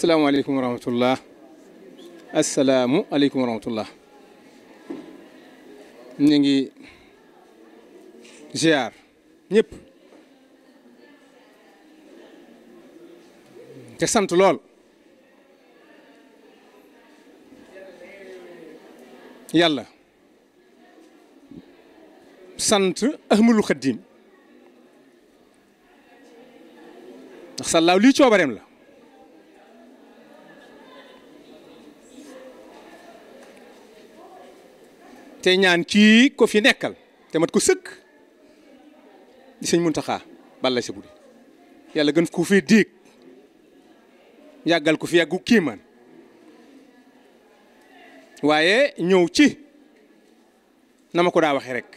salaamaaleykum wa rahmatullah asalaamu aleykum wa rahmatullah ñu ngi ziar ñëpp te sant lool yàlla sant ahmadul xaddim ndax sallaaw lii coobareem la te ñaan ci ko fi nekkal te mat ko sëkk di sëñ Muntaxa Balla sa buri yàlla gën ko fi déeg yàggal ko fi yàggu kiimaan waaye ñëw ci na ma ko daa waxee rek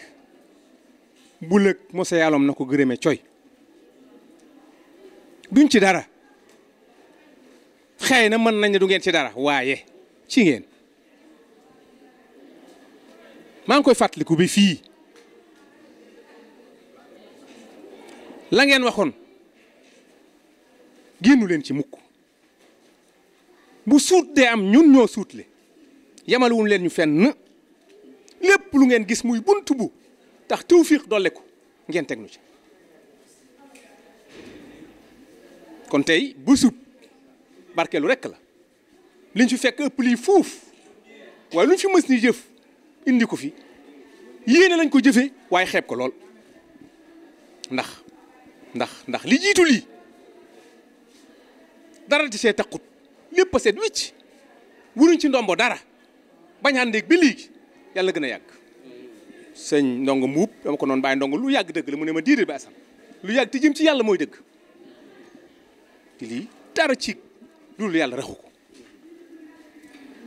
bu lëg mosa yàlloom na ko gërëme coy duñ ci dara xëy na mën nañ ne du ngeen ci dara waaye ci ngeen maa ngi koy fàttaliku bi fii la ngeen waxoon génnu leen ci mukk bu suut dee am ñun ñoo suutle yamaluwuñ leen ñu fenn lépp lu ngeen gis muy bunt bu tax tawfiix dolle ko ngeen teg nu ci kon tey bu sub barkeelu rekk la liñ fi fekk ëpp lii fuuf waaye luñ fi mës ni jëf indi ko fi yéene lañ ko jëfe waaye xeeb ko lool ndax ndax ndax li jiitu lii dara di see taqut lépp a set wicc wuruñ ci ndombo dara bañ a àndeeg ba léegi yàlla gën a yàgg. sëñ ndongo mbuub dama ko noon bàyyi ndongo lu yàgg dëgg la mu ne ma diir ba asal lu yàgg ti jëm ci yàlla mooy dëgg te lii dara ci loolu yàlla raxu ko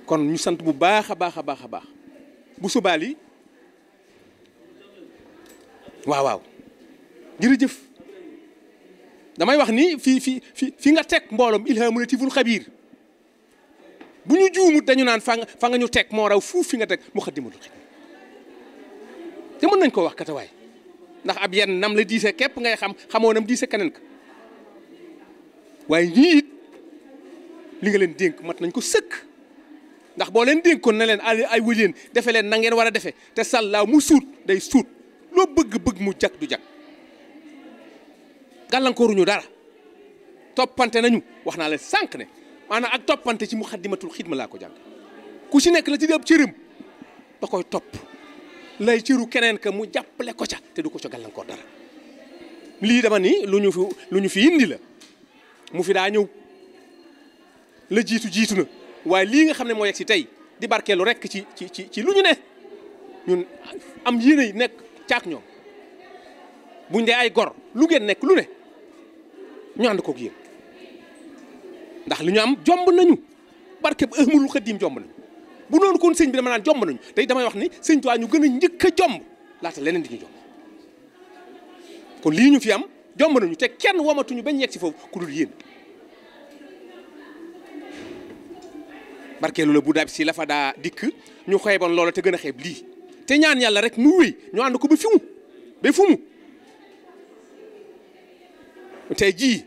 kon ñu sant bu baax a baax a baax a baax. bu subaa lii waaw waaw jërëjëf damay wax ni fii fi fi fi nga teg mbooloom ilhaamu latiful xabiir bu ñu juumut dañu naan fa nga ñu teg moo raw fuuf fi nga teg mu xaddimatul xidma te mën nañ ko wax katawaay ndax ab yenn nam la diise képp ngay xam xamoo nam diise keneen waaye ñii li nga leen dénk mat nañ ko sëkk ndax boo leen dénkoon na leen ay wëjeen defe leen na ngeen war a defe te sàllaaw mu suut day suut loo bëgg bëgg mu jag du jag gàllankooruñu dara toppante nañu wax naa leen sànq ne maanaa ak toppante ci mu xaddimatul xidma laa ko jàng ku ci nekk la ci di ab cëram da koy topp lay cëru keneen ka mu jàppale ko ca te du ko ca gàllankoor dara lii dama ni lu lu ñu fi indi la mu fi daa ñëw la jiitu jiitu na waaye lii nga xam ne moo yegg si tey di barkeelu rek ci ci ci ci lu ñu ne ñun am yéene nekk caak ñoom buñ dee ay gor lu geen nekk lu ne ñu ànd koog yéen ndax li ñu am jomb nañu barke bu ëmul xëddiim jomb nañu bu noonu koon sëñ bi dama naan jomb nañu tey damay wax ni sëñ Tuubaa ñu gën a njëkk a jomb laata leneen di ñu jomb kon lii ñu fi am jomb nañu te kenn womatuñu bañ yegg si foofu ku dul yéen. barkeelu la bu daab si la daa dikk ñu xeeboon loola te gën a xeeb lii te ñaan yàlla rek mu wéy ñu ànd ko ba fi mu ba fu mu jii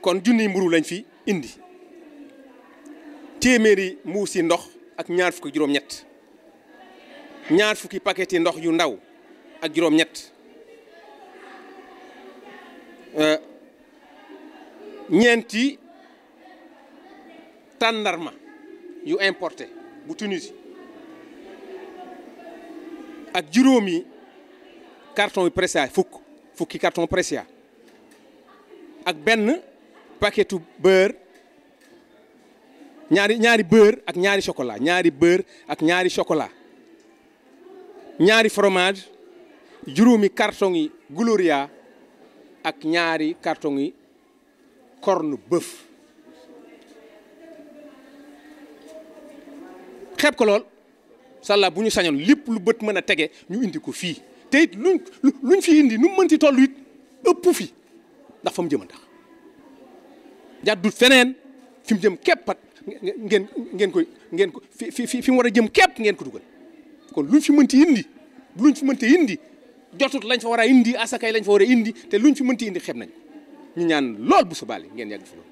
kon junniy mburu lañ fi indi téeméeri mbuus yi ndox ak ñaar fukki juróom-ñett ñaar fukki paquet yi ndox yu ndaw ak juróom-ñett euh, ñeenti tàndarma yu importe bu Tunisie ak juróomi carton yu Precia fukk fukki carton Precia ak benn paketu beurre ñaari ñaari ak ñaari chocolat ñaari bër ak ñaari chocolat ñaari fromage juróomi carton yi Gloria ak ñaari carton yi corne xeeb ko lool sàllaa bu ñu sañoon lépp lu bët mën a tege ñu indi ko fii tey it luñ fi indi nu mu mënti toll it ëpp fi ndax fa mu jëm a tax jàddut feneen fi mu jëm keppat ngeen ngeen koy ngeen ko fi fi fi mu war a jëm képp ngeen ko dugal kon luñ fi mënti indi luñ fi mënti indi jotut lañ fa war a indi asakay lañ fa war a indi te luñ fi mënti indi xeeb nañ ñu ñaan lool bu sa ngeen yàgg fi lool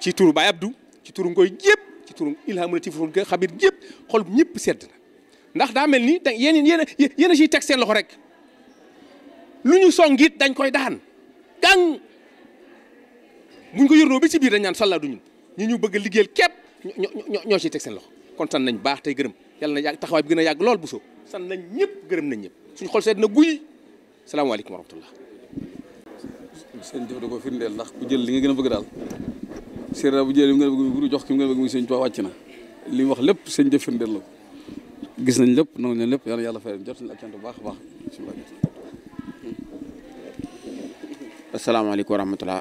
ci turu Baye Abdou ci turu Ngoy yëpp. ci turam ilhamuna tiful ga xabir yëpp xol ñëpp sedd na ndax daa mel ni da yéen yéen yéen a teg seen loxo rek lu ñu songit dañ koy daan gang buñ ko yërnoo bi ci biir dañ naan sallaa ñun ñu ñu bëgg a liggéeyal képp ñoo ciy teg seen loxo kontaan nañ baax tey gërëm yàlla na yàgg taxawaay bi gën a yàgg lool bu soo sant nañ ñëpp gërëm nañ ñëpp suñ xol sedd na guy salaamaaleykum wa rahmatullah seen jëf da ko firndeel ndax ku jël li nga gën a bëgg daal Serigne Abdou Diallo nga bëgg mu jox ki nga bëgg mu sëñ Tuubaa wàcc na li wax lépp sëñ jëf firndeel la ko gis nañ lépp noonu nañ lépp yàlla yàlla fay jot nañ ak cant bu baax a baax. asalaamaaleykum wa rahmatulah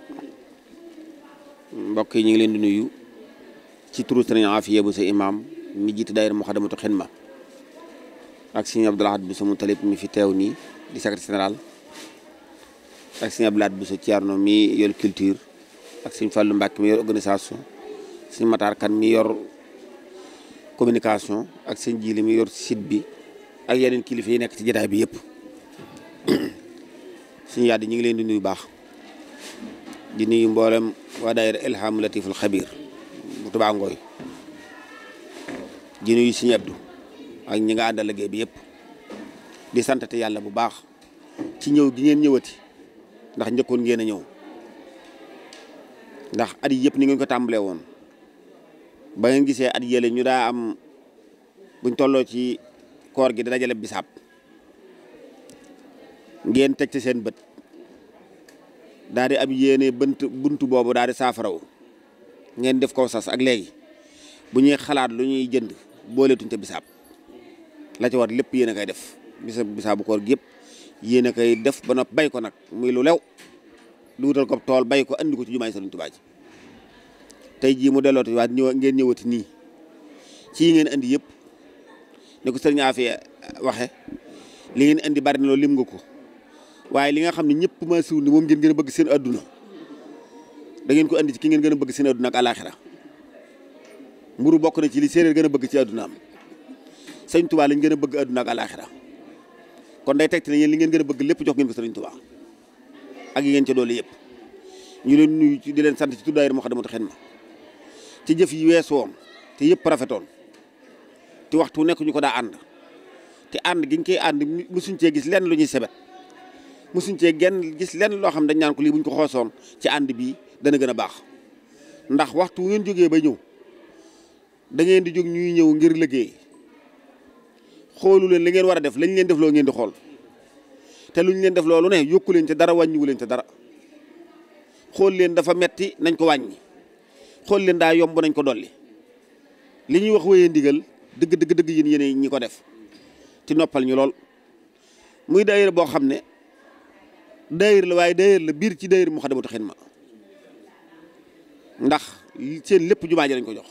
mbokk yi ñu ngi leen di nuyu ci turu Serigne Afia bu sa imaam mi jiite daayira Moukhaddamatoul Khidma ak Serigne Abdou Lahad bu sa mu talib mi fi teew nii di secrétaire général ak Serigne Abdou Lahad mi yor culture. ak suñ Fallou Mbacke mi yor organisation suñ Matar Kan mi yor communication ak suñ Jili mi yor site bi ak yeneen kilifa yi nekk ci jotaay bi yëpp suñu yàdd ñu ngi leen di nuyu baax di nuyu mboolem waa daayira Ilhamu Latiful Xabir bu Tubaa Ngooy di nuyu suñu Abdu ak ñi nga àndal liggéey bi yëpp di santate yàlla bu baax ci ñëw gi ngeen ñëwati ndax njëkkoon ngeen a ñëw ndax at yii yëpp ni ngeen ko tàmbalee woon ba ngeen gisee at yële ñu daa am buñ tolloo ci koor gi da dajale bisaab ngeen teg ci seen bët daal di am yéene bunt bunt boobu daal di saafaraw ngeen def ko sas ak léegi bu ñuy xalaat lu ñuy jënd boole booleetuñ te bisaab la ci war lépp yéen a koy def bisa bisaabu koor gi yëpp yéen a koy def ba nopp bay ko nag muy lu lew lu wutal ko tool bay ko andi ko ci jumaay Sëriñ Tuubaa tey jii mu dellooti waat ñëw ngeen ñëwati nii ci ngeen indi yépp ni ko sëriñ Afia waxe li ngeen indi bari na loolu lim nga ko waaye li nga xam ne ñëpp maa siwul ni moom ngeen gën bëgg seen adduna da ngeen ko andi ci ki ngeen gën a bëgg seen adduna ak àlaaxira bokk na ci li séeréer gën a bëgg ci addunaam sëriñ Tuubaa lañ gën a bëgg adduna ak àlaaxira kon day teg ci ne yéen li ngeen gën a bëgg lépp jox ngeen ko sëriñ Tuubaa ak yi ngeen ci doole yëpp ñu leen nuyu ci di leen sant ci tuddaayir Moukhaddamatoul Khidma ci jëf yi weesu woon te yëpp rafetoon te waxtu nekk ñu ko daa ànd te ànd gi ñu koy ànd musuñ cee gis lenn lu ñuy sebet musuñ cee genn gis lenn loo xam dañ naan ko lii buñ ko xoosoon ci ànd bi dana gën a baax ndax waxtu ngeen jóge ba ñëw da ngeen di jóg ñuy ñëw ngir liggéey xoolu leen li ngeen war a def lañ leen def loo ngeen di xool te lu ñu leen def loolu ne yokku leen ca dara wàññiwu leen ca dara xool leen dafa metti nañ ko wàññi xool leen daa yomb nañ ko dolli li ñuy wax wéyee ndigal dëgg dëgg dëgg yéen yéen ñi ko def ti noppal ñu lool muy daayira boo xam ne daayira la waaye daayira la biir ci daayira Moukhaddamatoul ma ndax seen lépp jumaa ji lañ ko jox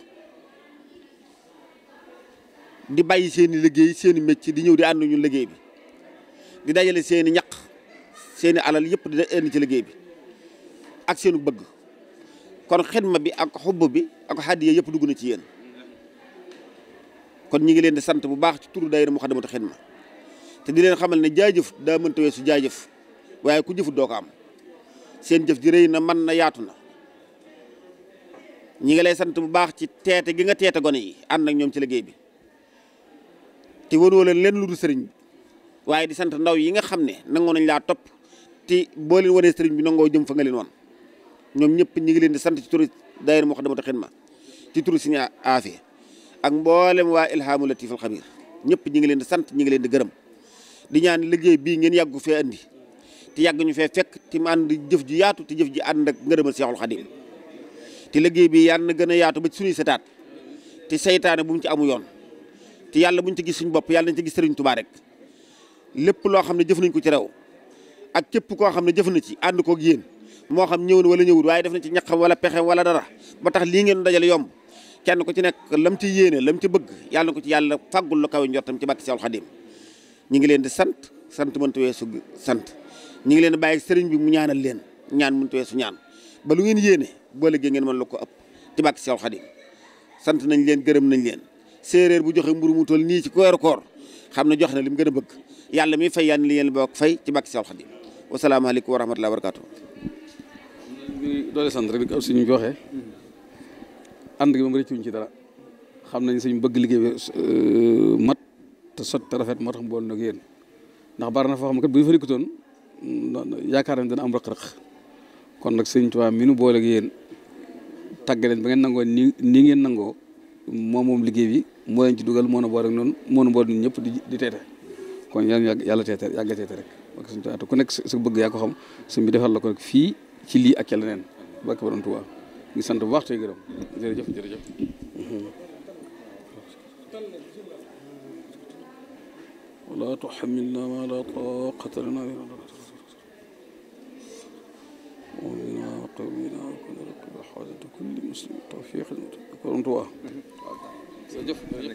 di bàyyi seen i liggéey seen i métier di ñëw di ànd ñu liggéey bi di dajale seeni i ñaq seen i alal yëpp di indi ci liggéey bi ak seenu bëgg kon xidma bi ak xubb bi ak xaddiya yëpp dugg na ci yéen kon ñi ngi leen di sant bu baax ci turu daayira Muxaddamatu Xidma te di leen xamal ne jaajëf daa mënta weesu jaajëf waaye ku jëfut am seen jëf ji rëy na man na yaatu na ñi ngi lay sant bu baax ci teete gi nga teete gone yi ànd ak ñoom ci liggéey bi te wonoo leen leen lu dul sëriñ waaye di sant ndaw yi nga xam ne nangoo nañ laa topp te boo leen wanee bi nangoo jëm fa nga leen woon ñoom ñëpp ñu ngi leen di sant ci turu daayira Moukhaddamatoul Khidma ci turu Sëriñ Aafiya ak mboolem waa Ilhaamul Latiiful Xabiir ñëpp ñu ngi leen di sant ñu ngi leen di gërëm di ñaan liggéey bi ngeen yàggu fee andi te yàgg ñu fee fekk ti mu ànd jëf ji yaatu ti jëf ji ànd ak ngërëmal Seexul Xadiim ti liggéey bi yàlla na gën a yaatu ba ci suñuy setaat te seytaane bu mu ci amu yoon te yàlla bu buñ ci gis suñ bopp yàlla nañ ci gis Sëriñ Tuubaa rek lépp loo xam ne jëf nañ ko ci rew ak képp koo xam ne jëf na ci ànd koog yéen moo xam ñëw na wala ñëwut waaye def na ci ñaqam wala pexem wala dara ba tax lii ngeen dajale yomb kenn ko ci nekk lam ci yéene lam ci bëgg yàlla na ko ci yàlla fàggul la kaw njortam ci bàkki Seexul Xadim ñi ngi leen di sant sant mënta weesu sant ñi ngi leen di bàyyi bi mu ñaanal leen ñaan mënta weesu ñaan ba ngeen yéene boo liggéey ngeen mën la ko ëpp ci bàkki Seexul Xadim sant nañ leen gërëm nañ leen séeréer bu joxe mburu mu toll nii ci weeru koor xam ne jox na li mu gën a bëgg yàlla mi fay yan li yéen bokk fay ci bàkki Seex Xaadim wasalaamaaleykum wa rahmatulah wa barakaatu. ñu doole sant rek aussi ñu joxe ànd gi moom ci dara xam nañ suñ bëgg liggéey euh, mat te sot te rafet moo tax bool nag yéen ndax bari na foo xam ne bu ñu fa nekkutoon yaakaar nañ dana am rëq-rëq kon nag sëñ Tuubaa mi nu boole ak yéen ba ngeen nangoo nii nii ngeen nangoo moom moom liggéey bi. moo leen ci dugal moo na boole ak noonu moo na boole ñun ñëpp di di teete kon yal na yàlla teete yàgg teete rek ak suñu taatu ku nekk sa bëgg yaa ko xam suñ bi defal la ko rek fii ci lii ak ca leneen barke borom Tuubaa ngi sant bu baax tey gërëm jërëjëf jërëjëf. wala tuhammilna ma la taqata lana bihi jërëjëf